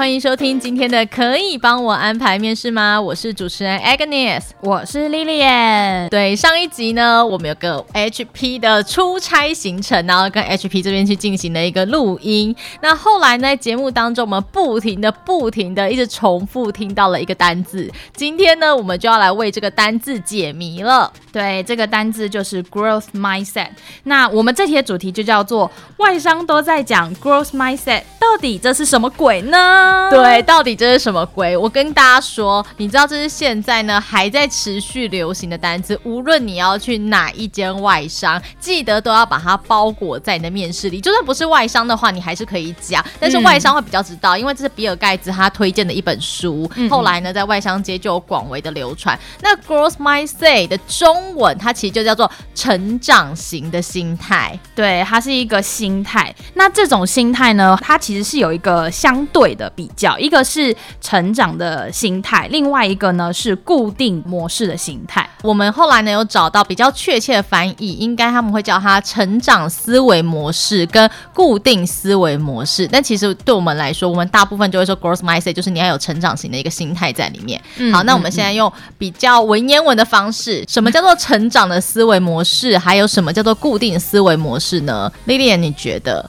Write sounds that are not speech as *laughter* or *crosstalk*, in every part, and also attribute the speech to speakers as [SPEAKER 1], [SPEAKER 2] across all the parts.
[SPEAKER 1] 歡迎收聽今天的《可以幫我安排面試嗎》。我是主持人 Agnes，我是 Lilian。對，上一集呢，我們有個 HP 的出差行程，然後跟 HP 這邊去進行了一個錄音。那後來呢，節目當中我們不停的、不停的，一直重複聽到了一個單字。今天呢，我們就要來為這個單字解謎了。對，這個單字就是 Growth Mindset。那我們這期的主題就叫做“外商都在講 Growth Mindset，到底這是什麼鬼呢？”對，到底這是什麼鬼？我跟大家說，你知道這是現在呢還在持續流行的單字。無論你要去哪一間外商，記得都要把它包裹在你的面試裡。就算不是外商的話，你還是可以講，但是外商會比較知道，因為這是比爾蓋茨他推薦的一本書。嗯、後來呢，在外商界就有廣為的流傳。那 Growth Mindset 的中文，它其實就叫做成長型的心態。對，它是一個心態。那這種心態呢，它其實是有一個相對的。比較，一個是成長的心態，另外一個呢是固定模式的心態。我們後來呢有找到比較確切的翻譯，應該他們會叫它成長思維模式跟固定思維模式。但其實對我們來說，我們大部分就會說 growth mindset，就是你要有成長型的一個心態在裡面。嗯、好，那我們現在用比較文言文的方式，嗯嗯嗯、什麼叫做成長的思維模式？還有什麼叫做固定思維模式呢？Lilian，你覺得？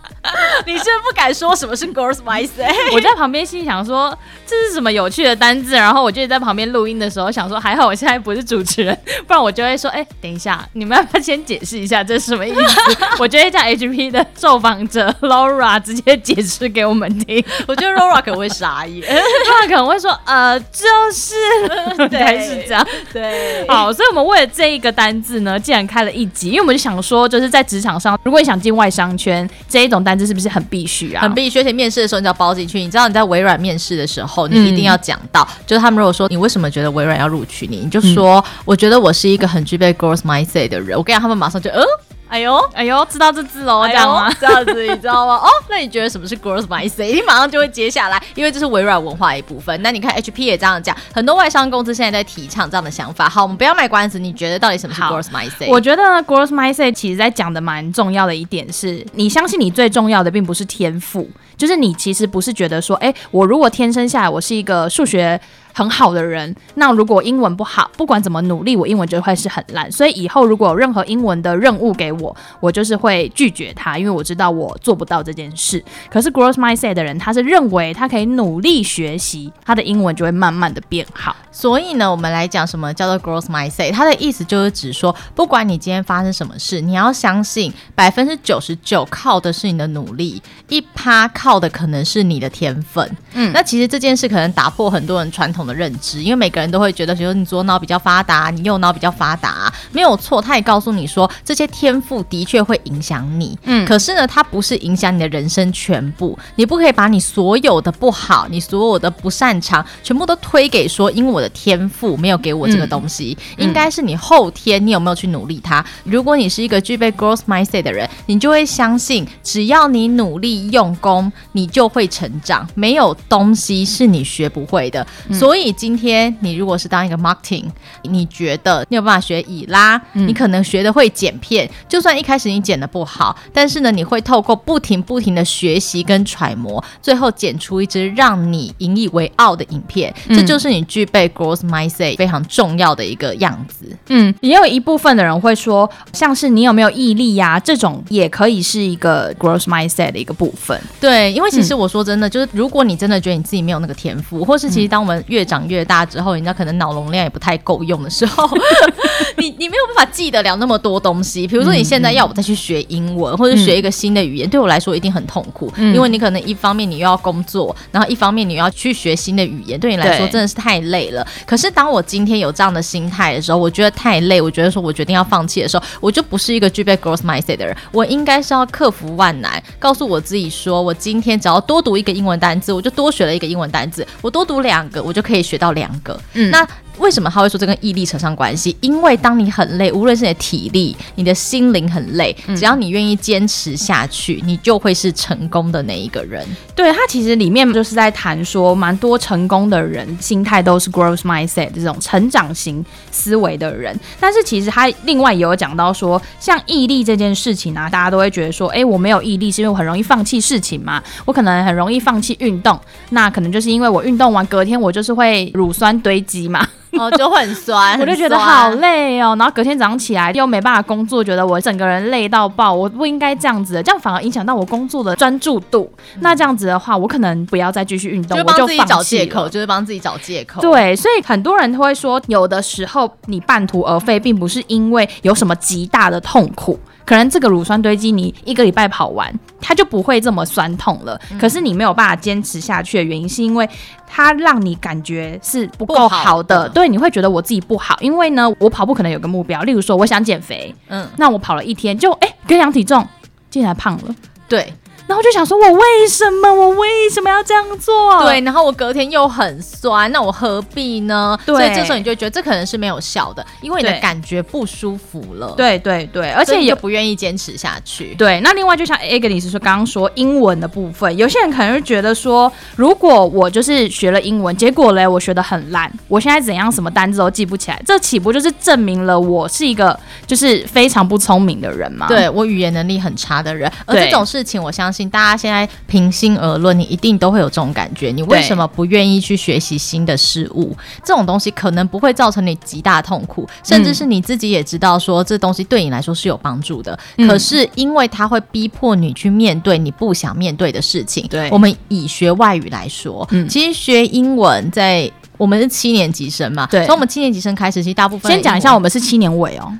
[SPEAKER 1] *laughs* 你是不，是不敢說什麼是 Growth Mindset？我在旁邊心裡想說，這是什麼有趣的單字？然後我就在旁邊錄音的時候想說，還好我現在不是主持人，不然我就會說，哎、欸，等一下，你們要不要先解釋一下這是什麼意思？ *laughs* 我就會叫 HP 的受訪者 Laura 直接解釋給我們聽。我覺得 Laura 可能會傻眼，他 *laughs* 可能會說，呃，就是了， *laughs* 對，還是這樣，對。好，所以我們為了這一個單字呢，竟然開了一集，因為我們就想說，就是在職場上，如果你想進外商圈這一種單。這是不是很必須啊？很必須！而且面試的時候你就要包進去。你知道你在微軟面試的時候，你一定要講到，嗯、就是他們如果說你為什麼覺得微軟要錄取你，你就說：“嗯、我覺得我是一個很具備 growth mindset 的人。”我跟你講，他們馬上就呃。嗯哎呦，哎呦，知道這字了。我講、哎呦，嗎？這樣子，你知道嗎？哦， *laughs* oh, 那你覺得什麼是 growth mindset？你馬上就會接下來，因為這是微軟文化的一部分。那你看，H P 也這樣講，很多外商公司現在在提倡這樣的想法。好，我們不要賣關子。你覺得到底什麼是 growth mindset？我覺得 growth mindset 其實在講的蠻重要的一點是，你相信你最重要的並不是天賦，就是你其實不是覺得說，哎、欸，我如果天生下來，我是一個數學。很好的人，那如果英文不好，不管怎麼努力，我英文就會是很爛。所以以後如果有任何英文的任務給我，我就是會拒絕他，因為我知道我做不到這件事。可是 Growth mindset 的人，他是認為他可以努力學習，他的英文就會慢慢的變好。所以呢，我們來講什麼叫做 Growth mindset，他的意思就是指說，不管你今天發生什麼事，你要相信百分之九十九靠的是你的努力，一趴靠的可能是你的天分。嗯，那其實這件事可能打破很多人傳統。的認知，因為每個人都會覺得，比如你左腦比較發達，你右腦比較發達。啊，沒有錯。他也告訴你說，這些天賦的確會影響你。嗯，可是呢，它不是影響你的人生全部。你不可以把你所有的不好，你所有的不擅長，全部都推給說，因為我的天賦沒有給我這個東西。嗯、應該是你後天，你有沒有去努力它？如果你是一個具備 growth mindset 的人，你就會相信，只要你努力用功，你就會成長。沒有東西是你學不會的。所、嗯所以今天你如果是當一個 marketing，你覺得你有辦法學以拉？嗯、你可能學的會剪片，就算一開始你剪的不好，但是呢，你會透過不停不停的學習跟揣摩，最後剪出一支讓你引以為傲的影片。嗯、這就是你具備 growth mindset 非常重要的一個樣子。嗯，也有一部分的人會說，像是你有沒有毅力呀、啊？這種也可以是一個 growth mindset 的一個部分。對，因為其實我說真的，嗯、就是如果你真的覺得你自己沒有那個天賦，或是其實當我們越越長越大之後，人家可能腦容量也不太夠用的時候， *laughs* *laughs* 你你沒有辦法。記得了那麼多東西，比如說你現在要我再去學英文、嗯、或者學一個新的語言，嗯、對我來說一定很痛苦，嗯、因為你可能一方面你又要工作，然後一方面你要去學新的語言，對你來說真的是太累了。對可是當我今天有這樣的心態的時候，我覺得太累，我覺得說我決定要放棄的時候，我就不是一個具備 growth mindset 的人，我應該是要克服萬難，告訴我自己說我今天只要多讀一個英文單字，我就多學了一個英文單字；我多讀兩個，我就可以學到兩個。嗯、那為什麼他會說這跟毅力扯上關係？因為當你很累，無論是你的體力，你的心靈很累，只要你願意堅持下去，你就會是成功的那一個人。嗯。對，他其實裡面就是在談說，蠻多成功的人心態都是 growth mindset 這種成長型思維的人。但是其實他另外也有講到說，像毅力這件事情啊，大家都會覺得說，誒，我沒有毅力，是因為我很容易放棄事情嘛。我可能很容易放棄運動，那可能就是因為我運動完隔天我就是會乳酸堆積嘛。 *laughs* 哦，就很酸， *laughs* 我就覺得好累哦。很酸。然後隔天早上起來又沒辦法工作，覺得我整個人累到爆。我不應該這樣子的，這樣反而影響到我工作的專注度。嗯、那這樣子的話，我可能不要再繼續運動，我就放棄。就是幫自己找藉口，就是幫自己找借口。對，所以很多人都會說，有的時候你半途而廢，並不是因為有什麼極大的痛苦，可能這個乳酸堆積，你一個禮拜跑完。他就不會這麼酸痛了。可是你沒有辦法堅持下去的原因，是因為他讓你感覺是不夠好的，好，嗯、對？你會覺得我自己不好，因為呢，我跑步可能有個目標，例如說我想減肥，嗯，那我跑了一天就哎，跟、欸、量體重竟然胖了，對。然後就想說，我為什麼？我為什麼要這樣做？對，然後我隔天又很酸，那我何必呢？對，所以這時候你就覺得這可能是沒有效的，因為你的感覺不舒服了。對對對,對，而且也你就不願意堅持下去。對，那另外就像 Agnes 說，剛剛說英文的部分，有些人可能是覺得說，如果我就是學了英文，結果嘞我學得很爛，我現在怎樣什麼單字都記不起來，這豈不就是證明了我是一個就是非常不聰明的人嘛？對，我語言能力很差的人。而這種事情我相信。大家現在平心而論，你一定都會有這種感覺。你為什麼不願意去學習新的事物？對這種東西可能不會造成你極大痛苦，甚至是你自己也知道說、嗯、這東西對你來說是有幫助的。嗯、可是因為它會逼迫你去面對你不想面對的事情。對，我們以學外語來說，嗯、其實學英文在我們是七年級生嘛？對，從我們七年級生開始，其實大部分先講一下，我們是七年尾哦。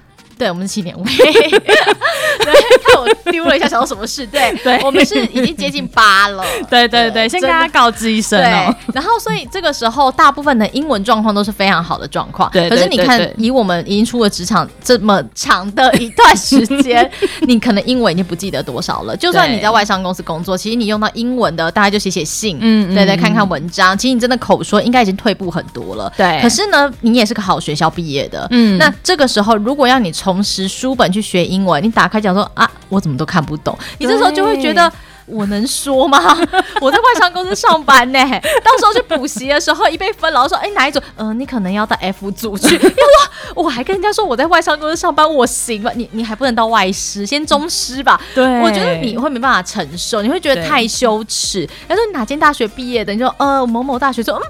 [SPEAKER 1] 對，我們是七點五，看我丟了一下，想到什麼事？對，對。我們是已經接近八了。對對對，先跟他告知一聲。對。然後，所以這個時候，大部分的英文狀況都是非常好的狀況。對，可是你看，以我們已經出了職場這麼長的一段時間，你可能英文已經不記得多少了。就算你在外商公司工作，其實你用到英文的，大概就寫寫信，嗯，對對，看看文章。其實你真的口說，應該已經退步很多了。對，可是呢，你也是個好學校畢業的，嗯，那這個時候如果要你抽。同時，書本去學英文，你打開講說啊，我怎麼都看不懂。對你這時候就會覺得，我能說嗎？ *laughs* 我在外商公司上班呢， *laughs* 到時候去補習的時候，一被分，老師說，哎，哪一組？嗯、呃，你可能要到 F 組去。 *laughs* 要說我還跟人家說我在外商公司上班，我行吧？你你還不能到外師，先中師吧。對，我覺得你會沒辦法承受，你會覺得太羞恥。要對說你哪間大學畢業的？你說呃，某某大學說、嗯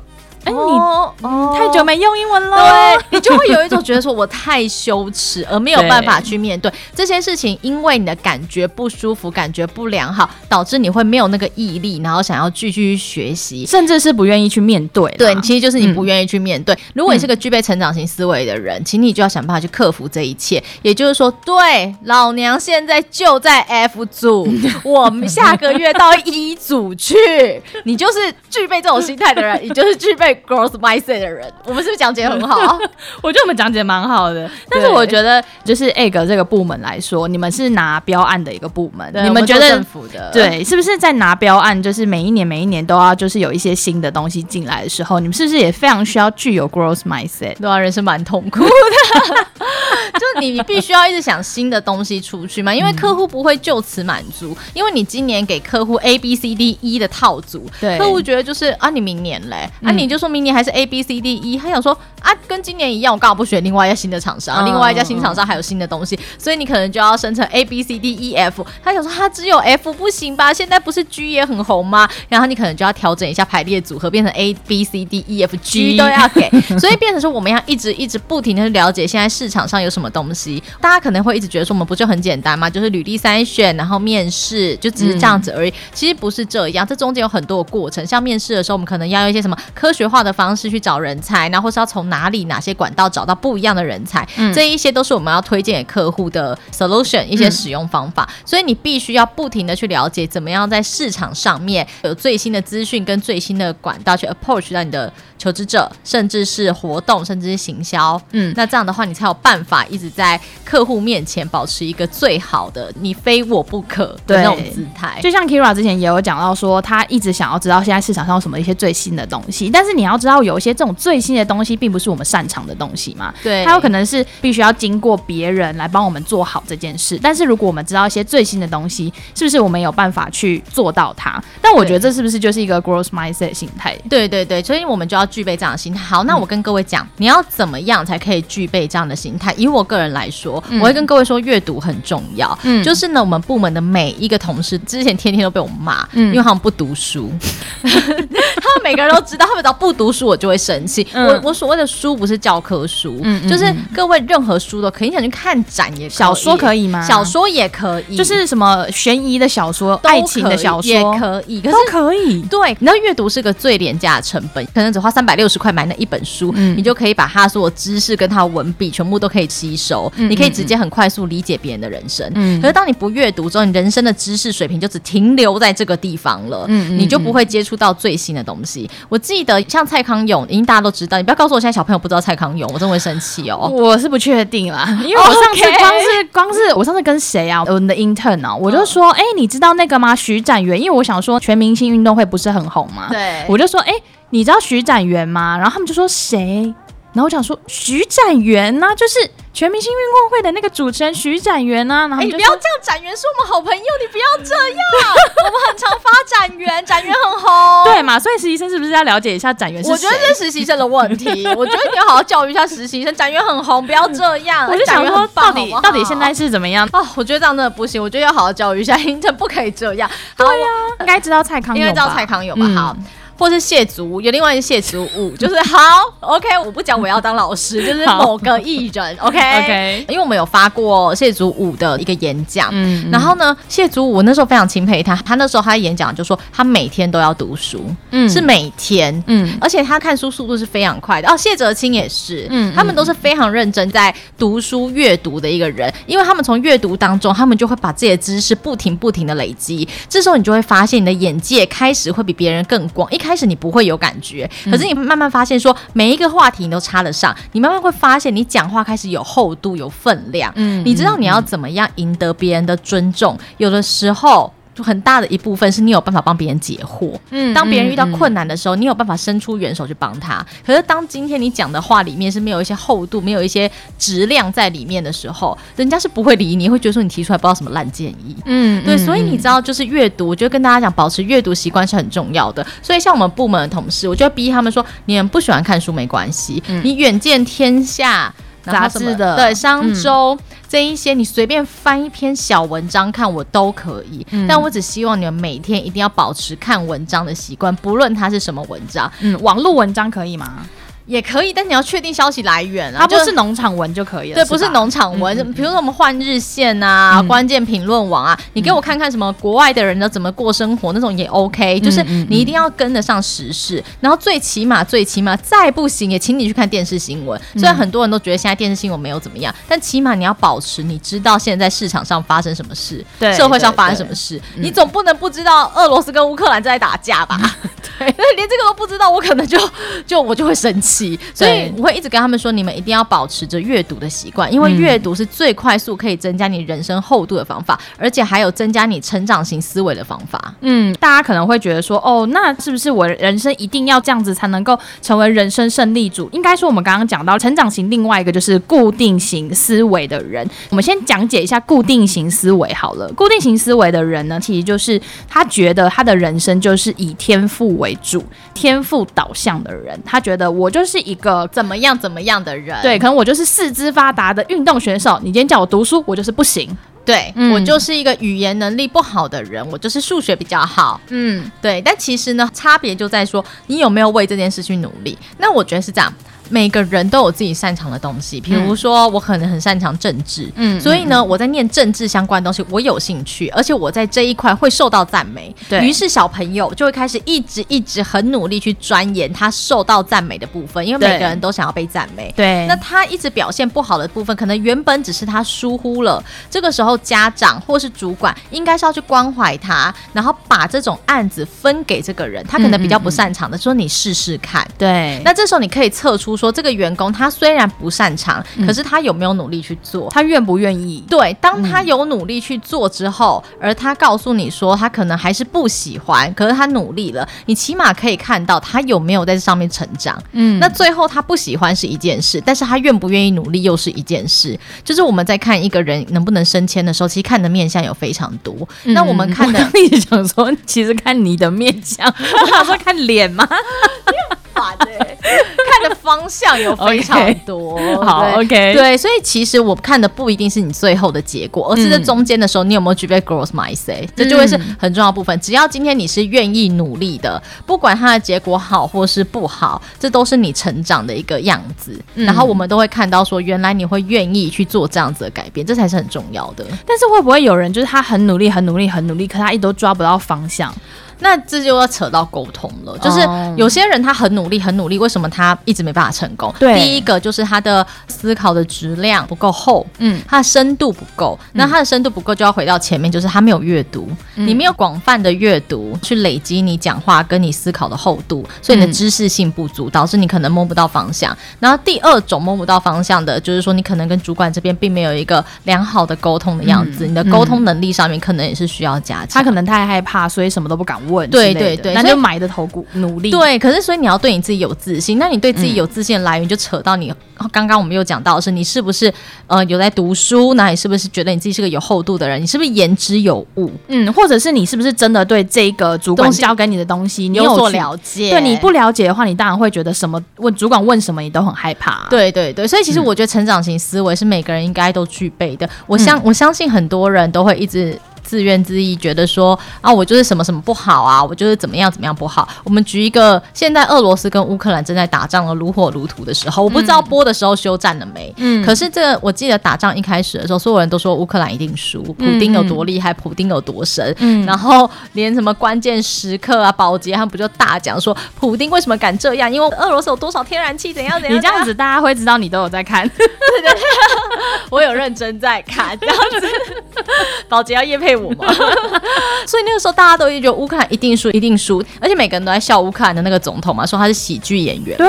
[SPEAKER 1] 哎、欸、你、oh, 嗯、太久沒用英文了，對你就會有一種覺得說我太羞恥，而沒有辦法去面對，對這些事情，因為你的感覺不舒服，感覺不良好，導致你會沒有那個毅力，然後想要繼續學習，甚至是不願意去面對。對，其實就是你不願意去面對。嗯、如果你是個具備成長型思維的人，請你就要想辦法去克服這一切。也就是說，對，老娘現在就在 F 組， *laughs* 我們下個月到 E 組去。你就是具備這種心態的人， *laughs* 你就是具備。Growth mindset 的人，我們是不是講解很好？ *laughs* 我覺得我們講解蠻好的。 *laughs* 對但是我覺得，就是 egg 這個部門來說，你們是拿標案的一個部門，對你們覺得我們是政府的對，是不是在拿標案？就是每一年每一年都要就是有一些新的東西進來的時候，你們是不是也非常需要具有 growth mindset？對少、啊、人是蠻痛苦的， *laughs* *laughs* 就你必須要一直想新的東西出去嘛，因為客戶不會就此滿足，嗯、因為你今年給客戶 A B C D E 的套組，對客戶覺得就是啊，你明年嘞啊，嗯、你就是。說明年還是 A B C D E，他想說啊，跟今年一樣，我剛好不選另外一家新的廠商。嗯、另外一家新廠商還有新的東西，所以你可能就要生成 A B C D E F。他想說他只有 F 不行吧？現在不是 G 也很紅嗎？然後你可能就要調整一下排列組合，變成 A B C D E F G 都要給，所以變成說我們要一直一直不停的去了解現在市場上有什麼東西。大家可能會一直覺得說，我們不就很簡單嗎？就是履歷篩選，然後面試，就只是這樣子而已。嗯、其實不是這樣，這中間有很多的過程。像面試的時候，我們可能要有一些什麼科學。化的方式去找人才，然後或是要從哪裡、哪些管道找到不一樣的人才，嗯、這一些都是我們要推薦給客戶的 solution 一些使用方法。嗯、所以你必須要不停的去了解，怎麼樣在市場上面有最新的資訊跟最新的管道去 approach 到你的。求職者，甚至是活動，甚至是行銷，嗯，那這樣的話，你才有辦法一直在客戶面前保持一個最好的，你非我不可的那種姿態。就像 Kira 之前也有講到說，說他一直想要知道現在市場上有什麼一些最新的東西，但是你要知道，有一些這種最新的東西，並不是我們擅長的東西嘛，對，他有可能是必須要經過別人來幫我們做好這件事。但是如果我們知道一些最新的東西，是不是我們有辦法去做到它？但我覺得這是不是就是一個 growth mindset 心態？對對對，所以我們就要。具備這樣的心態，好，那我跟各位講，你要怎麼樣才可以具備這樣的心態？以我個人來說，我會跟各位說，閱讀很重要。嗯，就是呢，我們部門的每一個同事之前天天都被我罵，因為他們不讀書。他們每個人都知道，他們只要不讀書，我就會生氣。我我所謂的書不是教科書，嗯，就是各位任何書都可以，你想去看展也，小說可以嗎？小說也可以，就是什麼懸疑的小說、愛情的小說也可以，都可以。對，你知道閱讀是個最廉價的成本，可能只花三。三百六十塊買那一本書，嗯、你就可以把他說的知識跟他的文筆全部都可以吸收。嗯、你可以直接很快速理解別人的人生。嗯、可是當你不閱讀之後，你人生的知識水平就只停留在這個地方了。嗯、你就不會接觸到最新的東西。嗯、我記得像蔡康永，因為大家都知道。你不要告訴我現在小朋友不知道蔡康永，我真會生氣哦。我是不確定啦，因為我上次光是 Okay 光是我上次跟誰啊？我的 intern 啊，我就說，哎、oh. 欸，你知道那個嗎？徐展元？因為我想說全明星運動會不是很紅嗎？對，我就說，哎、欸。你知道徐展元嗎？然後他們就說誰？然後我想說徐展元呢、啊，就是全明星運動會的那個主持人徐展元呢、啊。哎，欸、你不要這樣，展元是我們好朋友，你不要這樣。 *laughs* 我們很常發展元，展元很紅。對嘛？所以實習生是不是要了解一下展元？我覺得是實習生的問題。 *laughs* 我覺得你要好好教育一下實習生，展元很紅，不要這樣。我就想說，欸、到底嗎到底現在是怎麼樣哦、啊，我覺得這樣真的不行。我覺得要好好教育一下，因為真的不可以這樣。好，好呀，應該知道蔡康永，應該知道蔡康永吧？嗯、好。或是謝祖武有另外一謝祖武， *laughs* 就是好 OK，我不講我要當老師， *laughs* 就是某個藝人 OK *laughs* OK，因為我們有發過謝祖武的一個演講，嗯,嗯，然後呢，謝祖武那時候非常欽佩他，他那時候他的演講就是說他每天都要讀書，嗯，是每天，嗯，而且他看書速度是非常快的哦。謝哲青也是，嗯,嗯，他們都是非常認真在讀書閱讀的一個人，嗯嗯因為他們從閱讀當中，他們就會把自己的知識不停不停的累積，這時候你就會發現你的眼界開始會比別人更廣，一開。開始你不會有感覺，可是你慢慢發現說，說每一個話題你都插得上，你慢慢會發現，你講話開始有厚度、有分量，嗯，你知道你要怎麼樣贏得別人的尊重，有的時候。就很大的一部分是你有辦法幫別人解惑，嗯，當別人遇到困難的時候，嗯嗯，你有辦法伸出援手去幫他。可是當今天你講的話裡面是沒有一些厚度、沒有一些質量在裡面的時候，人家是不會理你，會覺得說你提出來不知道什麼爛建議。嗯，對，嗯，所以你知道，就是閱讀，我覺得跟大家講，保持閱讀習慣是很重要的。所以像我們部門的同事，我就逼他們說，你們不喜歡看書沒關係，嗯，你遠見天下雜誌的什麼，對，商周。嗯這一些你隨便翻一篇小文章看，我都可以。嗯，但我只希望你們每天一定要保持看文章的習慣，不論它是什麼文章，嗯，網路文章可以嗎？也可以，但你要確定消息來源啊，它不是農場文就可以了。對，不是農場文，比如說，我們換日線啊，關鍵評論網啊，你給我看看什麼國外的人的怎麼過生活，那種也 OK。就是你一定要跟得上時事，然後最起碼，最起碼再不行也請你去看電視新聞。雖然很多人都覺得現在電視新聞沒有怎麼樣，但起碼你要保持你知道現在市場上發生什麼事，對，社會上發生什麼事，你總不能不知道俄羅斯跟烏克蘭在打架吧？對，連這個都不知道，我可能就就我就會生氣。所以我會一直跟他們說，你們一定要保持着閱讀的習慣，因為閱讀是最快速可以增加你人生厚度的方法，而且還有增加你成長型思維的方法。嗯，大家可能會覺得說，哦，那是不是我人生一定要這樣子才能夠成為人生勝利組？應該說，我們剛剛講到成長型，另外一個就是固定型思維的人。我們先講解一下固定型思維好了。固定型思維的人呢，其實就是他覺得他的人生就是以天賦為主、天賦導向的人，他覺得我就是。是一個怎麼樣怎麼樣的人？對，可能我就是四肢發達的運動選手。你今天叫我讀書，我就是不行。對，嗯，我就是一個語言能力不好的人，我就是數學比較好。嗯，對。但其實呢，差別就在說你有沒有為這件事去努力。那我覺得是這樣。每個人都有自己擅長的東西，比如說我可能很擅長政治，嗯，所以呢，我在念政治相關的東西，我有興趣，而且我在這一塊會受到讚美，對，於是小朋友就會開始一直一直很努力去鑽研他受到讚美的部分，因為每個人都想要被讚美，對，那他一直表現不好的部分，可能原本只是他疏忽了，這個時候家長或是主管應該是要去關懷他，然後把這種案子分給這個人，他可能比較不擅長的，說你試試看，對，那這時候你可以測出。說這個員工他雖然不擅長，嗯、可是他有沒有努力去做？他願不願意？對，當他有努力去做之後，嗯、而他告訴你說他可能還是不喜歡，可是他努力了，你起碼可以看到他有沒有在這上面成長。嗯，那最後他不喜歡是一件事，但是他願不願意努力又是一件事。就是我們在看一個人能不能升遷的時候，其實看的面向有非常多。嗯、那我們看的，你想說，其實看你的面相， *laughs* *laughs* 我想說看臉嗎？ *laughs* 對， *laughs* *laughs* 看的方向有非常多。好，OK，對，所以其實我看的不一定是你最後的結果，嗯、而是在中間的時候，你有沒有具備 growth、嗯、mindset，這就會是很重要的部分。只要今天你是願意努力的，不管它的結果好或是不好，這都是你成長的一個樣子。嗯、然後我們都會看到說，原來你會願意去做這樣子的改變，這才是很重要的。但是會不會有人就是他很努力，很努力，很努力，可他一直都抓不到方向？那這就要扯到溝通了，就是有些人他很努力很努力，為什麼他一直沒辦法成功？對第一個就是他的思考的質量不夠厚，嗯，他的深度不夠。嗯、那他的深度不夠，就要回到前面，就是他沒有閱讀，嗯、你沒有廣泛的閱讀去累積你講話跟你思考的厚度，所以你的知識性不足，導致你可能摸不到方向。嗯、然後第二種摸不到方向的，就是說你可能跟主管這邊並沒有一個良好的溝通的樣子，嗯、你的溝通能力上面可能也是需要加強。他可能太害怕，所以什麼都不敢問。問，對對對，那就埋的頭苦努力對，可是所以你要對你自己有自信，那你對自己有自信的來源就扯到你、嗯、剛剛我們又講到的是，你是不是呃有在讀書？那你是不是覺得你自己是個有厚度的人？你是不是言之有物？嗯，或者是你是不是真的對這個主管交給你的東西，東西你有所了解？對，你不了解的話，你當然會覺得什麼，問主管問什麼你都很害怕。對對對，所以其實我覺得成長型思維是每個人應該都具備的。嗯、我相我相信很多人都會一直。自怨自艾，覺得說啊，我就是什麼什麼不好啊，我就是怎麼樣怎麼樣不好。我們舉一個，現在俄羅斯跟烏克蘭正在打仗的如火如荼的時候，我不知道播的時候休戰了沒。嗯。可是這個，我記得打仗一開始的時候，所有人都說烏克蘭一定輸，普丁有多厲害，普丁有多神。嗯。然後連什麼關鍵時刻啊，寶傑他們不就大講說，普丁為什麼敢這樣？因為俄羅斯有多少天然氣，怎樣怎樣。你這樣子，大家會知道你都有在看。 *laughs* *laughs* 我有認真在看。然後是寶傑要業配。我 *laughs* *laughs* 所以那個時候大家都一直覺得烏克蘭一定輸，一定輸，而且每個人都在笑烏克蘭的那個總統嘛，說他是喜劇演員。對，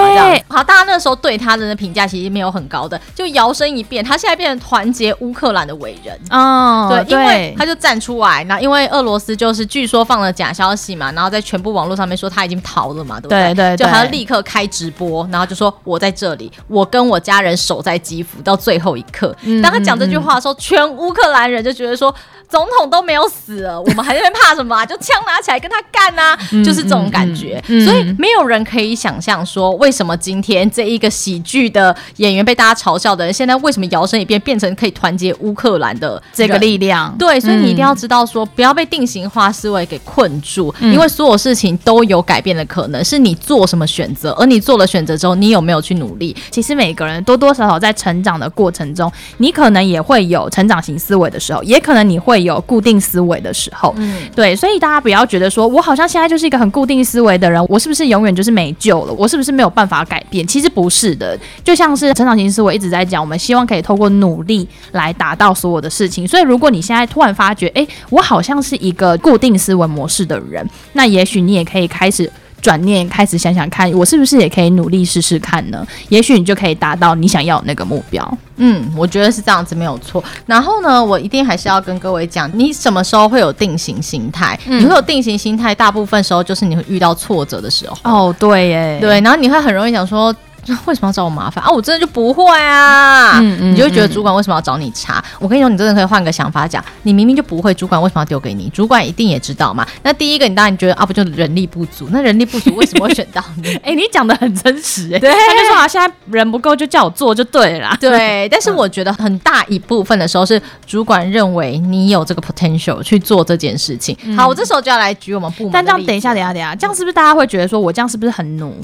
[SPEAKER 1] 好，大家那時候對他的那評價其實沒有很高的，就搖身一變，他現在變成團結烏克蘭的偉人哦。對，因為他就站出來，那因為俄羅斯就是據說放了假消息嘛，然後在全部網絡上面說他已經逃了嘛，對不對？對，就還要立刻開直播，然後就說：“我在這裡，我跟我家人守在基輔到最後一刻。”當他講這句話的時候，全烏克蘭人就覺得說總統。都沒有死了，我們還在那邊怕什麼啊？就槍拿起來跟他幹啊！ *laughs* 就是這種感覺，所以沒有人可以想象說，為什麼今天這一個喜劇的演員被大家嘲笑的人，現在為什麼搖身一變變成可以團結烏克蘭的這個力量？人對，所以你一定要知道說，嗯、不要被定型化思維給困住，嗯、因為所有事情都有改變的可能，是你做什麼選擇，而你做了選擇之後，你有沒有去努力？其實每個人多多少少在成長的過程中，你可能也會有成長型思維的時候，也可能你會有固。定思維的時候，嗯，對，所以大家不要覺得說，我好像現在就是一個很固定思維的人，我是不是永遠就是沒救了？我是不是沒有辦法改變？其實不是的，就像是成長型思維一直在講，我們希望可以透過努力來達到所有的事情。所以，如果你現在突然發覺，誒、欸，我好像是一個固定思維模式的人，那也許你也可以開始。轉念開始想想看，我是不是也可以努力試試看呢？也許你就可以達到你想要的那個目標。嗯，我覺得是這樣子沒有錯。然後呢，我一定還是要跟各位講，你什麼時候會有定型心態？嗯，你會有定型心態，大部分時候就是你會遇到挫折的時候。哦，對耶，欸，對，然後你會很容易想說。那為什麼要找我麻煩啊？我真的就不會啊！嗯嗯、你就會覺得主管為什麼要找你碴？嗯嗯、我跟你說，你真的可以換個想法講，你明明就不會，主管為什麼要丟給你？主管一定也知道嘛。那第一個，你當然覺得啊，不就人力不足？那人力不足，為什麼會選到你？誒、 *laughs* 欸，你講得很真實誒、欸，對，他就說啊，現在人不夠，就叫我做就對了啦。對，嗯、但是我覺得很大一部分的時候是主管認為你有這個 potential 去做這件事情。嗯、好，我這時候就要來舉我們部門。但這樣等一下，等一下，等一下，這樣是不是大家會覺得說我這樣是不是很奴？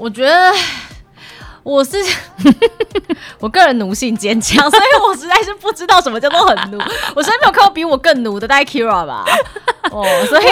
[SPEAKER 1] 我覺得我是 *laughs* 我個人奴性堅強，所以我實在是不知道什麼叫做很奴。 *laughs* 我實在沒有看過比我更奴的大概 Kira 吧。 *laughs* 哦，oh, 所以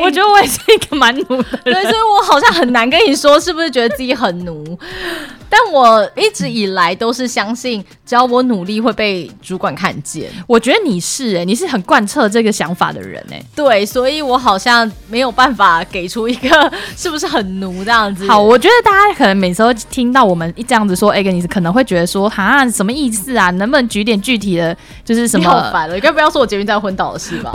[SPEAKER 1] 我覺得我也是一個蠻努的人， *laughs* 對，所以我好像很難跟你說是不是覺得自己很努， *laughs* 但我一直以來都是相信，只要我努力會被主管看見。我覺得你是哎、欸，你是很貫徹這個想法的人哎、欸，對，所以我好像沒有辦法給出一個是不是很奴這樣子。好，我覺得大家可能每次都聽到我們一這樣子說，哎、欸，你可能會覺得說啊，什麼意思啊？能不能舉點具體的就是什麼？好煩了，你該不要說我捷運在昏倒的事吧？ *laughs*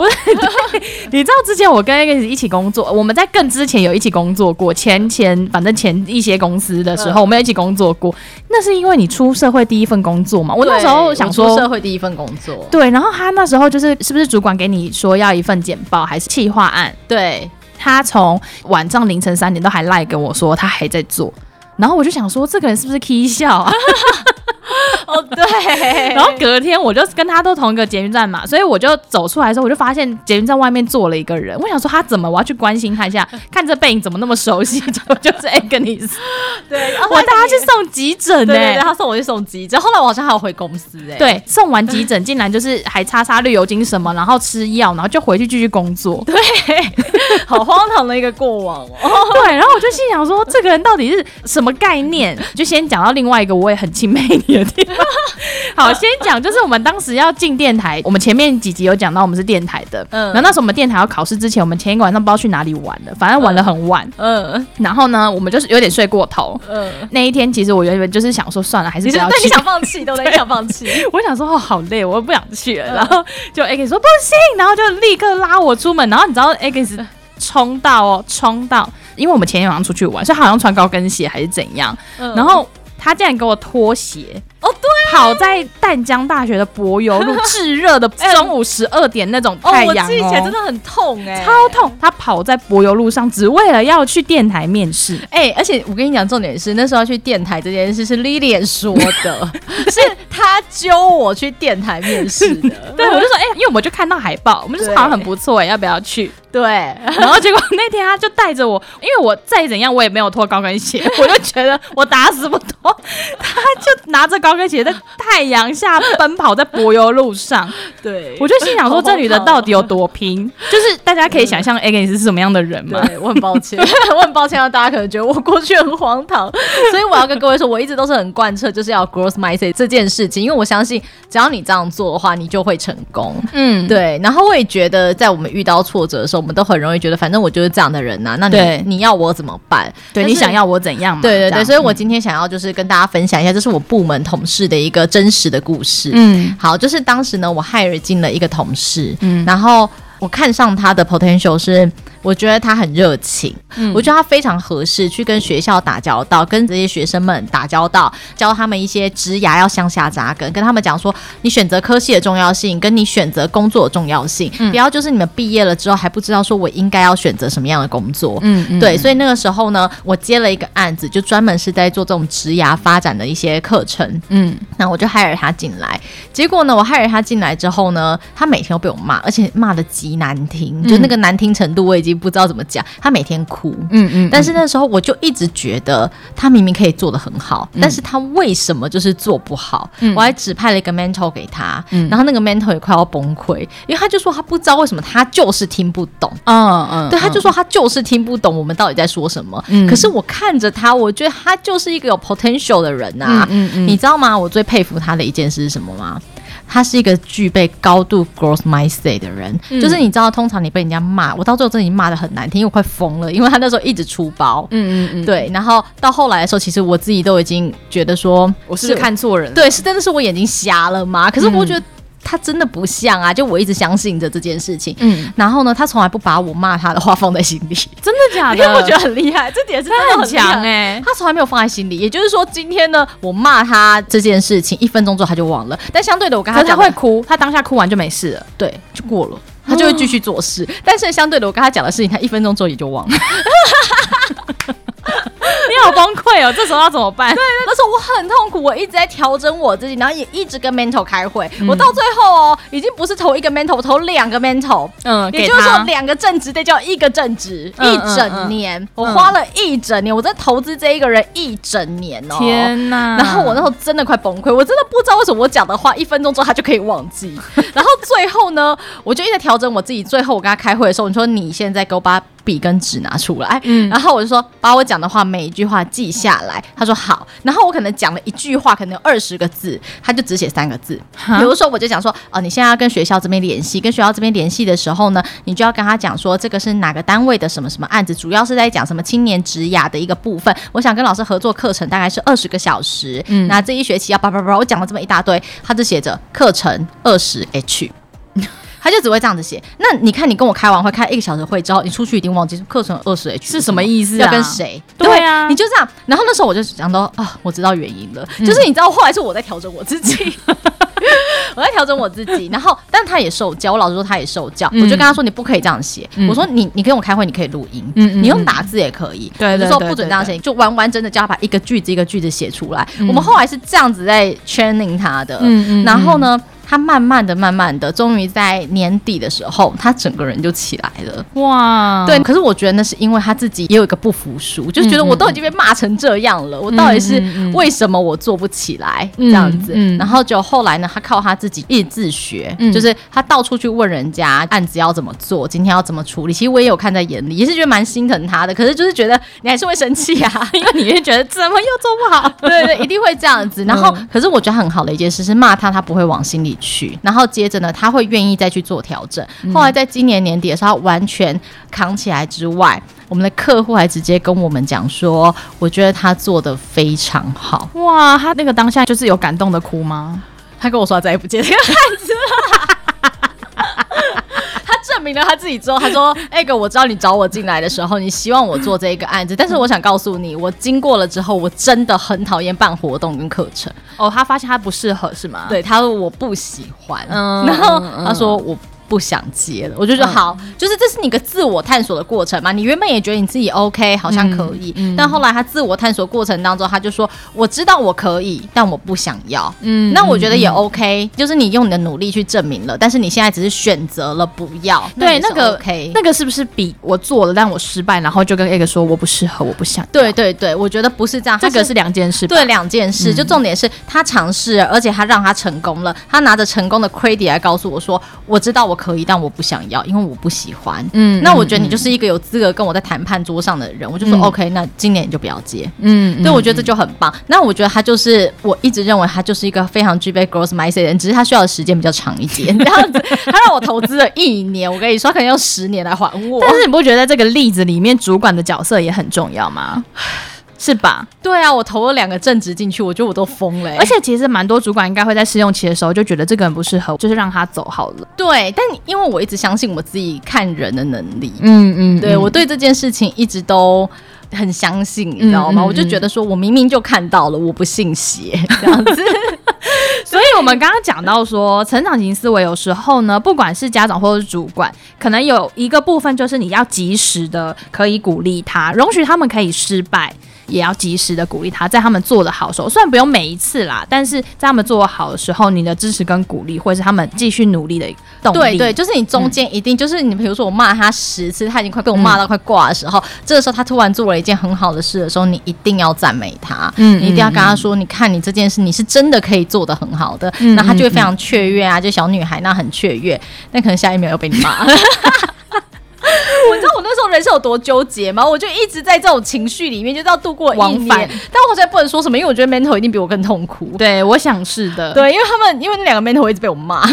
[SPEAKER 1] 對。 *laughs* 你知道之前我跟那個一起工作，我們在更之前有一起工作過，前前反正前一些公司的時候，嗯、我們有一起工作過。那是因為你出社會第一份工作嘛？我那時候想說，出社會第一份工作。對，然後他那時候就是是不是主管給你說要一份簡報還是企劃案？對，他從晚上凌晨三點都還賴、like、跟我說他還在做，然後我就想說這個人是不是起笑、啊？ *laughs* 哦、oh, 對，然後隔天我就跟他都同一個捷運站嘛，所以我就走出來的時候，我就發現捷運站外面坐了一個人。我想說他怎麼，我要去關心他一下，看這背影怎麼那麼熟悉， *laughs* 就是 Agnes。對，我哇對帶他去送急診哎、欸，他送我去送急診，後來我好像還要回公司哎、欸。對，送完急診竟然就是還擦擦綠油精什麼，然後吃藥，然後就回去繼續工作。對，好荒唐的一個過往哦。 *laughs* 對，然後我就心想說這個人到底是什麼概念？就先講到另外一個我也很欽佩你的地方。 *laughs* 好，先講就是我們當時要進電台， *laughs* 我們前面幾集有講到我們是電台的，嗯，然後那時候我們電台要考試之前，我們前一個晚上不知道去哪裡玩的，反正玩得很晚，嗯，嗯然後呢，我們就是有點睡過頭，嗯，那一天其實我原本就是想說算了，還是不要去，那想放棄對都在，想放棄， *laughs* 我想說哦，好累，我又不想去了，嗯、然後就、A、X 說不行，然後就立刻拉我出門，然後你知道、A、X 衝到哦，衝到，因為我們前一晚上出去玩，所以好像穿高跟鞋還是怎樣，嗯、然後他竟然給我拖鞋。哦，對、啊，跑在淡江大學的柏油路，炙熱的中午十二點那種太陽、喔欸嗯、哦，我記起來真的很痛哎、欸，超痛！他跑在柏油路上，只為了要去電台面試。哎、欸，而且我跟你講，重點是那時候去電台這件事是 Lily 說的， *laughs* 是他揪我去電台面試的。 *laughs* 對，我就說哎、欸，因為我們就看到海報，我們就說好像很不錯哎、欸，對要不要去？對，然後結果那天他就帶着我，因為我再怎樣我也沒有脫高跟鞋， *laughs* 我就覺得我打死不脫。他就拿着高跟鞋在太陽下奔跑，在柏油路上。對，我就心想說，這女的到底有多拼？好好就是大家可以想象，Agnes、呃欸、是什麼樣的人嗎？我很抱歉，我很抱歉， *laughs* 抱歉讓大家可能覺得我過去很荒唐，所以我要跟各位說，我一直都是很貫徹，就是要 growth mindset 這件事情，因為我相信，只要你這樣做的話，你就會成功。嗯，對。然後我也覺得，在我們遇到挫折的時候，我們都很容易覺得，反正我就是這樣的人吶、啊。那你對你要我怎麼辦？對是你想要我怎樣嘛？對對對，樣所以我今天想要就是跟大家分享一下，嗯、這是我部門同事的一個真實的故事。嗯，好，就是當時呢，我 hire 進了一個同事，嗯，然後我看上他的 potential 是，我覺得他很熱情，嗯、我覺得他非常合適去跟學校打交道，跟這些學生們打交道，教他們一些職涯要向下扎根，跟他們講說你選擇科系的重要性，跟你選擇工作的重要性，不要、嗯、就是你們畢業了之後還不知道說我應該要選擇什麼樣的工作，嗯，嗯對，所以那個時候呢，我接了一個案子，就專門是在做這種職涯發展的一些課程，嗯，那我就 hire 他進來，結果呢，我 hire 他進來之後呢，他每天都被我罵，而且罵得極難聽，就那個難聽程度我已經。不知道怎麼講，他每天哭，嗯嗯，嗯但是那時候我就一直覺得他明明可以做得很好，嗯、但是他為什麼就是做不好？嗯、我還指派了一個 mentor 給他，嗯、然後那個 mentor 也快要崩潰，因為他就說他不知道為什麼他就是聽不懂，嗯嗯，嗯嗯對，他就說他就是聽不懂我們到底在說什麼。嗯、可是我看着他，我覺得他就是一個有 potential 的人啊，嗯嗯，嗯嗯你知道嗎？我最佩服他的一件事是什麼嗎？他是一個具備高度 growth mindset 的人，嗯、就是你知道，通常你被人家罵，我到最後真的已經罵的很難聽，因為我快瘋了，因為他那時候一直出包，嗯嗯嗯，對，然後到後來的時候，其實我自己都已經覺得說，我是，是看錯人了，對，是真的是我眼睛瞎了嗎？可是我覺得。嗯他真的不像啊！就我一直相信着這件事情，嗯，然後呢，他從來不把我罵他的話放在心裡，嗯、 *laughs* 真的假的？因為我覺得很厲害，這點是真的很強哎。他從、欸、來沒有放在心裡，也就是說，今天呢，我罵他這件事情，一分鐘之後他就忘了。但相對的，我跟他講，他就會哭，他當下哭完就沒事了，對，就過了，他就會繼續做事。哦、但是相對的，我跟他講的事情，他一分鐘之後也就忘了。 *laughs* *laughs* 你好崩潰哦！ *laughs* 這時候要怎麼辦？對對對，那時候我很痛苦，我一直在調整我自己，然後也一直跟 mentor 開會。嗯、我到最後哦，已經不是投一個 mentor，我投兩個 mentor。嗯，也就是說，說，兩個正職得叫一個正職，嗯、一整年，我、嗯嗯嗯、花了一整年，我在投資這一個人一整年哦。天哪！然後我那時候真的快崩潰，我真的不知道為什麼我講的話，一分鐘之後他就可以忘記。 *laughs* 然後最後呢，我就一直調整我自己。最後我跟他開會的時候，你說你現在勾我筆跟紙拿出來，嗯，然後我就說把我講的話每一句話記下來。他說好，然後我可能講了一句話，可能有二十個字，他就只寫三個字。比如說，我就講說，哦，呃，你現在要跟學校這邊聯繫，跟學校這邊聯繫的時候呢，你就要跟他講說，這個是哪個單位的什麼什麼案子，主要是在講什麼青年職涯的一個部分。我想跟老師合作課程，大概是二十個小時。嗯，那這一學期要叭叭叭，我講了這麼一大堆，他就寫着課程二十 H。他就只會這樣子寫。那你看，你跟我開完會，開一個小時會之後，你出去一定忘記課程二十 H 是什麼意思，要跟誰？對啊，你就這樣。然後那時候我就想到啊，我知道原因了，就是你知道，後來是我在調整我自己，我在調整我自己。然後，但他也受教，我老實說他也受教。我就跟他說，你不可以這樣寫。我說你，你跟我開會，你可以錄音，你用打字也可以。對，就說不准這樣寫，就完完整整的叫他把一個句子一個句子寫出來。我們後來是這樣子在 training 他的。嗯嗯。然後呢？他慢慢的、慢慢的，終於在年底的時候，他整個人就起來了。哇，對。可是我覺得那是因為他自己也有一個不服輸，就是覺得我都已經被罵成這樣了，我到底是為什麼我做不起來這樣子？然後就後來呢，他靠他自己一直自學，就是他到處去問人家案子要怎麼做，今天要怎麼處理。其實我也有看在眼裡，也是覺得蠻心疼他的。可是就是覺得你還是會生氣啊，因為你也覺得怎麼又做不好？對對，一定會這樣子。然後，可是我覺得很好的一件事是罵他，他不會往心裡去，然後接着呢，他會願意再去做調整。嗯、後來在今年年底的時候完全扛起來之外，我們的客戶還直接跟我們講說：“我覺得他做得非常好。”哇，他那個當下就是有感動的哭嗎？他跟我說他：“再也不見那個孩子了。” *laughs* 證 *laughs* 明了他自己之後，他說：“那、欸、個我知道你找我進來的時候， *laughs* 你希望我做這個案子，但是我想告訴你，我經過了之後，我真的很討厭辦活動跟課程。”哦，他發現他不適合是嗎？對，他說我不喜歡，嗯、然後他說我。不想接了，我就說好，嗯、就是這是你一個自我探索的過程嘛。你原本也覺得你自己 OK，好像可以，嗯嗯、但後來他自我探索過程當中，他就說我知道我可以，但我不想要。嗯，那我覺得也 OK，嗯、就是你用你的努力去證明了，但是你現在只是選擇了不要。OK、對，那個 OK，那個是不是比我做了，但我失敗，然後就跟 A 哥說我不適合，我不想要。對對對，我覺得不是這樣，這是個是兩件事，對，兩件事，就重點是他嘗試，而且他讓他成功了，他拿着成功的 credit 來告訴我說我知道我。可以，但我不想要，因為我不喜歡。嗯，那我覺得你就是一個有資格跟我在談判桌上的人。嗯、我就說、嗯、OK，那今年你就不要接。嗯，對，我覺得這就很棒。嗯、那我覺得他就是我一直認為他就是一個非常具備 growth mindset 的人，只是他需要的時間比較長一點。這樣子，他讓我投資了一年，我跟你說他可能用十年來還我。但是你不覺得在這個例子裡面，主管的角色也很重要嗎？ *laughs* 是吧？對啊，我投了兩個正職進去，我覺得我都瘋了、欸。而且其實蠻多主管應該會在試用期的時候就覺得這個人不適合，就是讓他走好了。對，但因為我一直相信我自己看人的能力，嗯嗯，嗯對，嗯，我對這件事情一直都很相信，你知道嗎？嗯、我就覺得說我明明就看到了，我不信邪這樣子。 *laughs* 所以我們剛剛講到說，成長型思維有時候呢，不管是家長或者是主管，可能有一個部分就是你要及時的可以鼓勵他，容許他們可以失敗。也要及時的鼓勵他，在他們做的好時候，雖然不用每一次啦，但是在他們做的好的時候，你的支持跟鼓勵，或者是他們繼續努力的動力。對對，就是你中間一定、嗯、就是你，比如說我罵他十次，他已經快被我罵到快掛的時候，嗯、這個時候他突然做了一件很好的事的時候，你一定要讚美他，嗯、你一定要跟他說，嗯、你看你這件事你是真的可以做得很好的，嗯、那他就會非常雀躍啊，嗯、就小女孩那很雀躍，那可能下一秒又被你罵。 *laughs* *laughs* 我知道我那時候人生有多糾結嗎？我就一直在這種情緒裡面，就這、是、樣度過往返。但我現在不能說什麼，因為我覺得 mentor 一定比我更痛苦。對，我想是的。對，因為他們因為那兩個 mentor 一直被我罵， *laughs* 他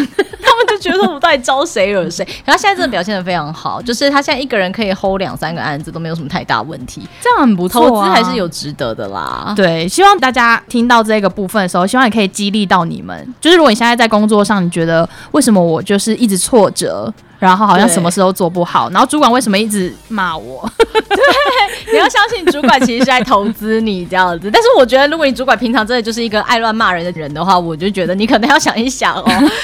[SPEAKER 1] 們就覺得說我到底招誰惹誰。然後現在真的表現得非常好，嗯、就是他現在一個人可以 hold 兩三個案子都沒有什麼太大問題，這樣很不錯。投資、啊、還是有值得的啦。對，希望大家聽到這個部分的時候，希望也可以激勵到你們。就是如果你現在在工作上，你覺得為什麼我就是一直挫折？然後好像什麼事都做不好，對然後主管為什麼一直罵我？對， *laughs* 你要相信主管其實是在投資你這樣子。但是我覺得，如果你主管平常真的就是一個愛亂罵人的人的話，我就覺得你可能要想一想哦，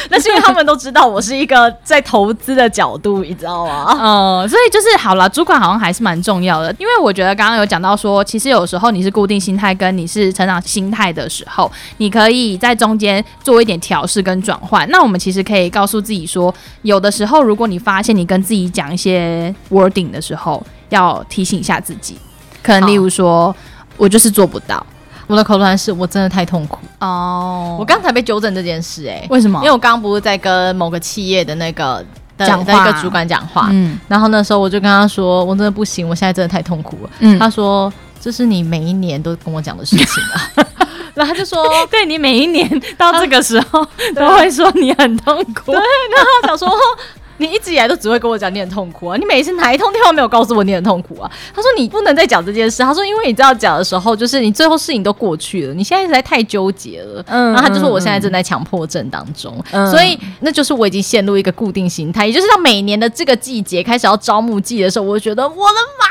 [SPEAKER 1] 那 *laughs* 是因為他們都知道我是一個在投資的角度，你知道嗎？嗯，所以就是好了，主管好像還是蠻重要的，因為我覺得剛剛有講到說，其實有時候你是固定心態跟你是成長心態的時候，你可以在中間做一點調試跟轉換。那我們其實可以告訴自己說，有的時候如果你你發現你跟自己講一些 wording 的時候，要提醒一下自己，可能例如說，oh. 我就是做不到。我的口頭禪是我真的太痛苦哦。Oh. 我剛才被糾正這件事，欸，哎，為什麼？因為我剛剛不是在跟某個企業的那個講，的話一個主管講話，嗯，然後那時候我就跟他說，我真的不行，我現在真的太痛苦了。嗯、他說，這是你每一年都跟我講的事情啊。 *laughs* 然後他就說，對你每一年到這個時候都會說你很痛苦，對，然後想說。 *laughs* 你一直以來都只會跟我講你很痛苦啊！你每次哪一通電話沒有告訴我你很痛苦啊？他說你不能再講這件事，他說因為你這樣講的時候，就是你最後事情都過去了，你現在實在太糾結了。嗯，然後他就說我現在正在強迫症當中，嗯、所以那就是我已經陷入一個固定心態，嗯、也就是到每年的這個季節開始要招募季的時候，我就覺得我的媽。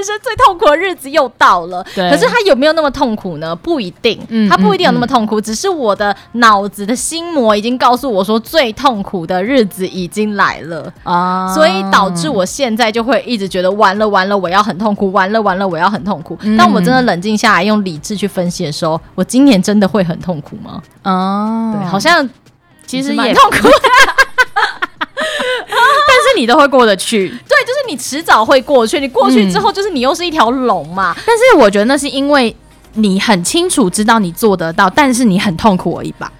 [SPEAKER 1] 人生最痛苦的日子又到了，對可是他有沒有那麼痛苦呢？不一定，嗯、他不一定有那麼痛苦。嗯嗯、只是我的腦子的心魔已經告訴我說，最痛苦的日子已經來了啊，哦、所以導致我現在就會一直覺得完了完了，我要很痛苦，完了完了，我要很痛苦。嗯、但我們真的冷靜下來，用理智去分析的時候，我今年真的會很痛苦嗎？哦，對，好像其實也痛苦， *laughs* *laughs* 但是你都會過得去。你遲早會過去，你過去之後就是你又是一條龍嘛、嗯。但是我覺得那是因為你很清楚知道你做得到，但是你很痛苦而已吧。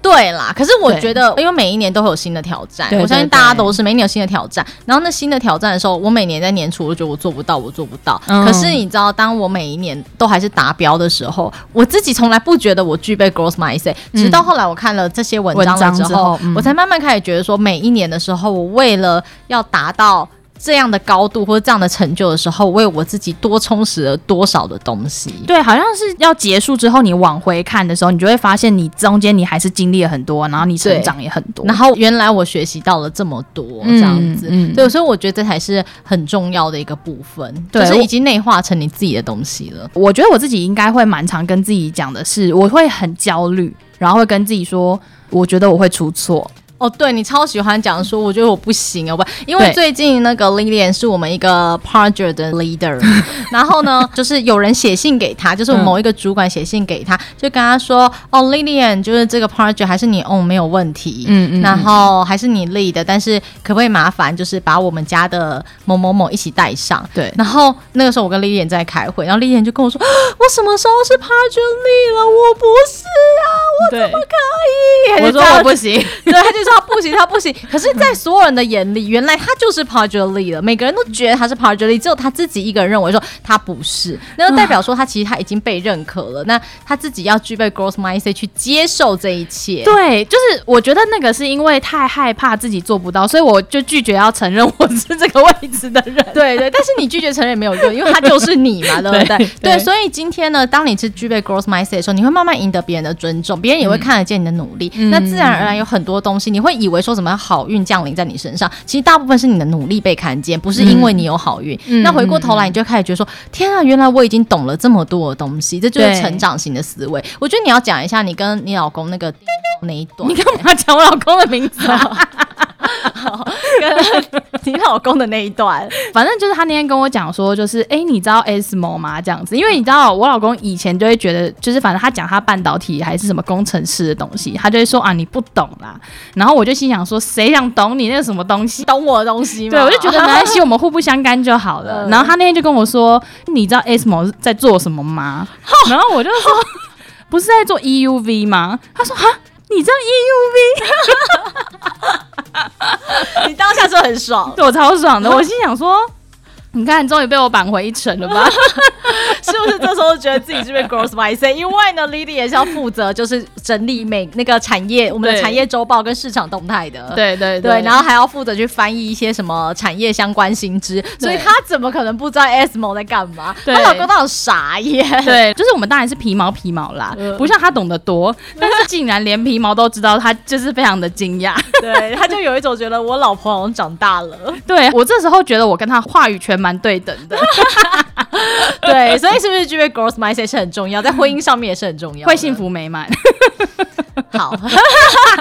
[SPEAKER 1] 對啦，可是我覺得，因為每一年都會有新的挑戰，我相信大家都是每一年有新的挑戰。然後那新的挑戰的時候，我每年在年初，我就覺得我做不到，我做不到。嗯、可是你知道，當我每一年都還是達標的時候，我自己從來不覺得我具備 Growth Mindset，嗯、直到後來我看了這些文章之後，之後嗯、我才慢慢開始覺得說，每一年的時候，我為了要達到。這樣的高度或者，這樣的成就的時候，為我自己多充實了多少的東西？對，好像是要結束之後，你往回看的時候，你就會發現你中間你還是經歷了很多，然後你成長也很多，對然後原來我學習到了這麼多，嗯、這樣子。嗯嗯、對，所以我覺得這才是很重要的一個部分，對就是已經內化成你自己的東西了。我，我覺得我自己應該會蠻常跟自己講的是，我會很焦慮，然後會跟自己說，我覺得我會出錯。哦，對你超喜歡講說，我覺得我不行哦，不，因為最近那個 Lilian 是我們一個 partner 的 leader，對然後呢，就是有人寫信給他，就是某一個主管寫信給他，嗯、就跟他說，哦，Lilian，就是這個 partner 還是你，哦，沒有問題，嗯嗯，嗯然後還是你 lead，但是可不可以麻煩就是把我們家的某某某一起帶上？對，然後那個時候我跟 Lilian 在開會，然後 Lilian 就跟我說對、啊，我什麼時候是 partner lead 了？我不是啊，我怎麼可以？對我說我不行，對他就。 *laughs* 他不行，他不行。可是，在所有人的眼裡， *laughs* 原來他就是 pardiali 了。每個人都覺得他是 pardiali，只有他自己一個人認為說他不是。那就代表說他其實他已經被認可了。啊、那他自己要具備 growth mindset 去接受這一切。對，就是我覺得那個是因為太害怕自己做不到，所以我就拒絕要承認我是這個位置的人。對，對對。但是你拒絕承認也沒有用， *laughs* 因為他就是你嘛， *laughs* 對不對，對？對。所以今天呢，當你是具備 growth mindset 的時候，你會慢慢贏得別人的尊重，別人也會看得見你的努力。嗯、那自然而然有很多東西你。你會以為說什麼好運降臨在你身上，其實大部分是你的努力被看見，不是因為你有好運。嗯、那回過頭來，你就開始覺得說：天啊，原來我已經懂了這麼多的東西，這就是成長型的思維。對我覺得你要講一下你跟你老公那個那一段。你幹嘛講我老公的名字啊？好。你老公的那一段，反正就是他那天跟我講說，就是哎、欸，你知道 SMO 嗎？這樣子，因為你知道我老公以前就會覺得，就是反正他講他半導體還是什麼工程師的東西，他就會說啊，你不懂啦。然後我就心想說，誰想懂你那個什麼東西？懂我的東西嗎？對，我就覺得沒關係，我們互不相干就好了。 *laughs* 然後他那天就跟我說，你知道 SMO 在做什麼嗎？ *laughs* 然後我就說，不是在做 EUV 嗎？他說，哈。你這樣 e u b 哈， *laughs* *laughs* 你當下是不是很爽？我 *laughs* 超爽的，我心想說，你看，終於被我扳回一城了吧？ *laughs* 是不是這時候覺得自己是被 Growth Mindset？因為呢，Lily 也是要負責，就是整理每那個產業我們的產業周報跟市場動態的，對對對，對，然後還要負責去翻譯一些什麼產業相關新知，對所以他怎麼可能不知道 SMO 在幹嘛？對他老公到底傻眼。對，就是我們當然是皮毛皮毛啦，對不像他懂得多，但是竟然連皮毛都知道，他就是非常的驚訝，對，他就有一種覺得我老婆好像長大了，對，我這時候覺得我跟他話語權。蠻對等的，
[SPEAKER 2] *laughs* *laughs* 對，所以是
[SPEAKER 1] 不是具備 growth mindset 是很重要，在婚姻上面也是很重要， *laughs* 會幸福美滿。 *laughs* 好，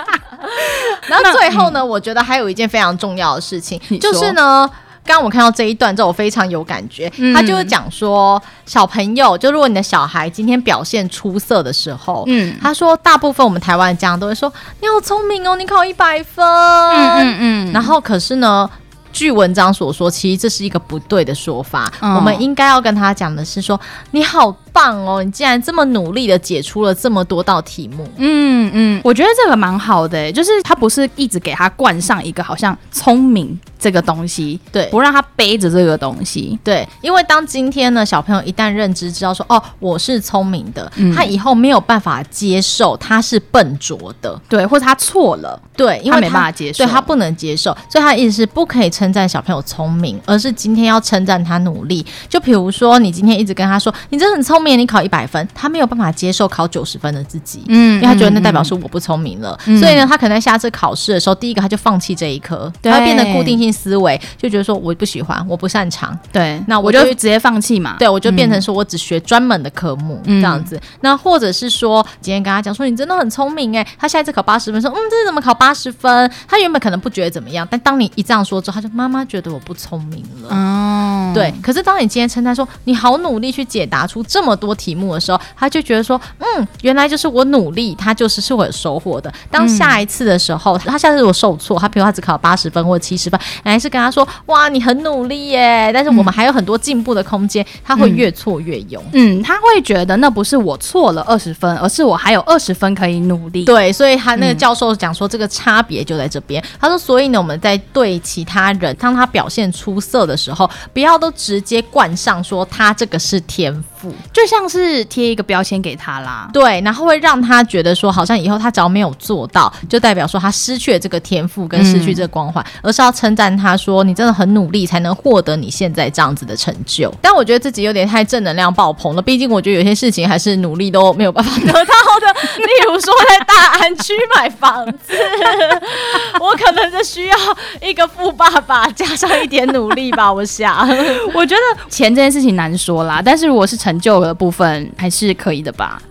[SPEAKER 1] *laughs* 然後最後呢，那我覺得還有一件非常重要的事情，說就是呢，剛剛我看到這一段之後我非常有感覺，嗯、他就是講說小朋友，就如果你的小孩今天表現出色的時候，嗯，他說大部分我們台灣的家長都會說你好聰明哦，你考一百分，嗯，嗯嗯，然後可是呢。據文章所說，其實這是一個不對的說法。嗯、我們應該要跟他講的是說，你好。棒哦！你竟然這麼努力的解出了這麼多道題目。嗯嗯，我覺得這個蠻好的、欸，就是他不是一直給他冠上一個好像聰明這個東西，對，不讓他背着這個東西，對。因為當今天呢，小朋友一旦認知知道說，哦，我是聰明的，嗯、他以後沒有辦法接受他是笨拙的，對，或者他錯了，對，因為他他沒辦法接受，對他不能接受，所以他意思是不可以稱讚小朋友聰明，而是今天要稱讚他努力。就比如說，你今天一直跟他說，你真的很聰明。年你考一百分，他沒有辦法接受考九十分的自己，嗯，因為他覺得那代表是我不聰明了，嗯、所以呢，他可能在下次考試的時候，嗯、第一個他就放棄這一科，對他會變得固定性思維，就覺得說我不喜歡，我不擅長，對，那我就，我就直接放棄嘛，對，我就變成說我只學專門的科目，嗯、這樣子，那或者是說今天跟他講說你真的很聰明哎，他下一次考八十分，說嗯，這次怎麼考八十分？他原本可能不覺得怎麼樣，但當你一這樣說之後，他就媽媽覺得我不聰明了，哦，對，可是當你今天稱讚說你好努力去解答出這麼，這麼多題目的時候，他就覺得說，嗯，原來就是我努力，他就是是會有收穫的。當下一次的時候，嗯、他下次我受挫，他比如他只考八十分或七十分，還是跟他說，哇，你很努力耶，但是我們還有很多進步的空間。他會越挫越勇、嗯，嗯，他會覺得那不是我錯了二十分，而是我還有二十分可以努力。對，所以他那個教授講說，這個差別就在這邊。他說，所以呢，我們在對其他人當他表現出色的時候，不要都直接冠上說他這個是天。就像是貼一個標籤給他啦，對，然後會讓他覺得說，好像以後他只要沒有做到，就代表說他失去了這個天賦跟失去這個光環，嗯、而是要稱讚他說，你真的很努力才能獲得你現在這樣子的成就。但我覺得自己有點太正能量爆棚了，畢竟我覺得有些事情還是努力都沒有辦法得到的， *laughs* 例如說在大安區買房子。 *laughs* *laughs* 我可能是需要一個富爸爸加上一點努力吧， *laughs* 我想。我覺得錢這件事情難說啦，但是如果是成就的部分，還是可以的吧？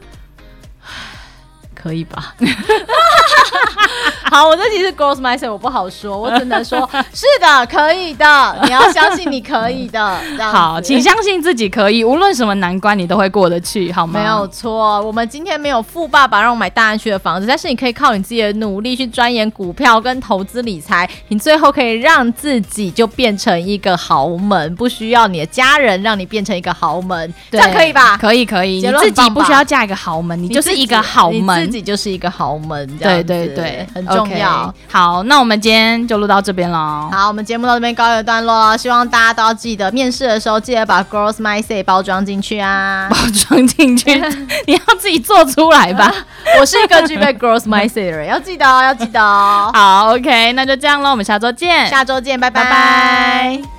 [SPEAKER 1] 可以吧？ *laughs* *laughs* 好，我這題是 Growth Mindset，我不好說，我只能說， *laughs* 是的，可以的，你要相信你可以的。好，請相信自己可以，無論什麼難關，你都會過得去，好嗎？沒有錯，我們今天沒有富爸爸讓我買大安區的房子，但是你可以靠你自己的努力去鑽研股票跟投資理財，你最後可以讓自己就變成一個豪門，不需要你的家人讓你變成一個豪門，對這樣可以吧？可以，可以，可以，你自己不需要嫁一個豪門，你就是一個豪門，自己，自己就是一個豪門，這樣子對對對，很重。Okay. 要 Okay. 好，那我們今天就錄到這邊嘍。好，我們節目到這邊告一段落，希望大家都要記得面試的時候記得把 Growth Mindset 包裝進去啊，包裝進去， *laughs* *laughs* 你要自己做出來吧。 *laughs* 我是一個具備 Growth Mindset 的人， *laughs* 要記得哦，要記得哦。好，OK，那就這樣嘍，我們下周見，下周見，拜拜拜。Bye bye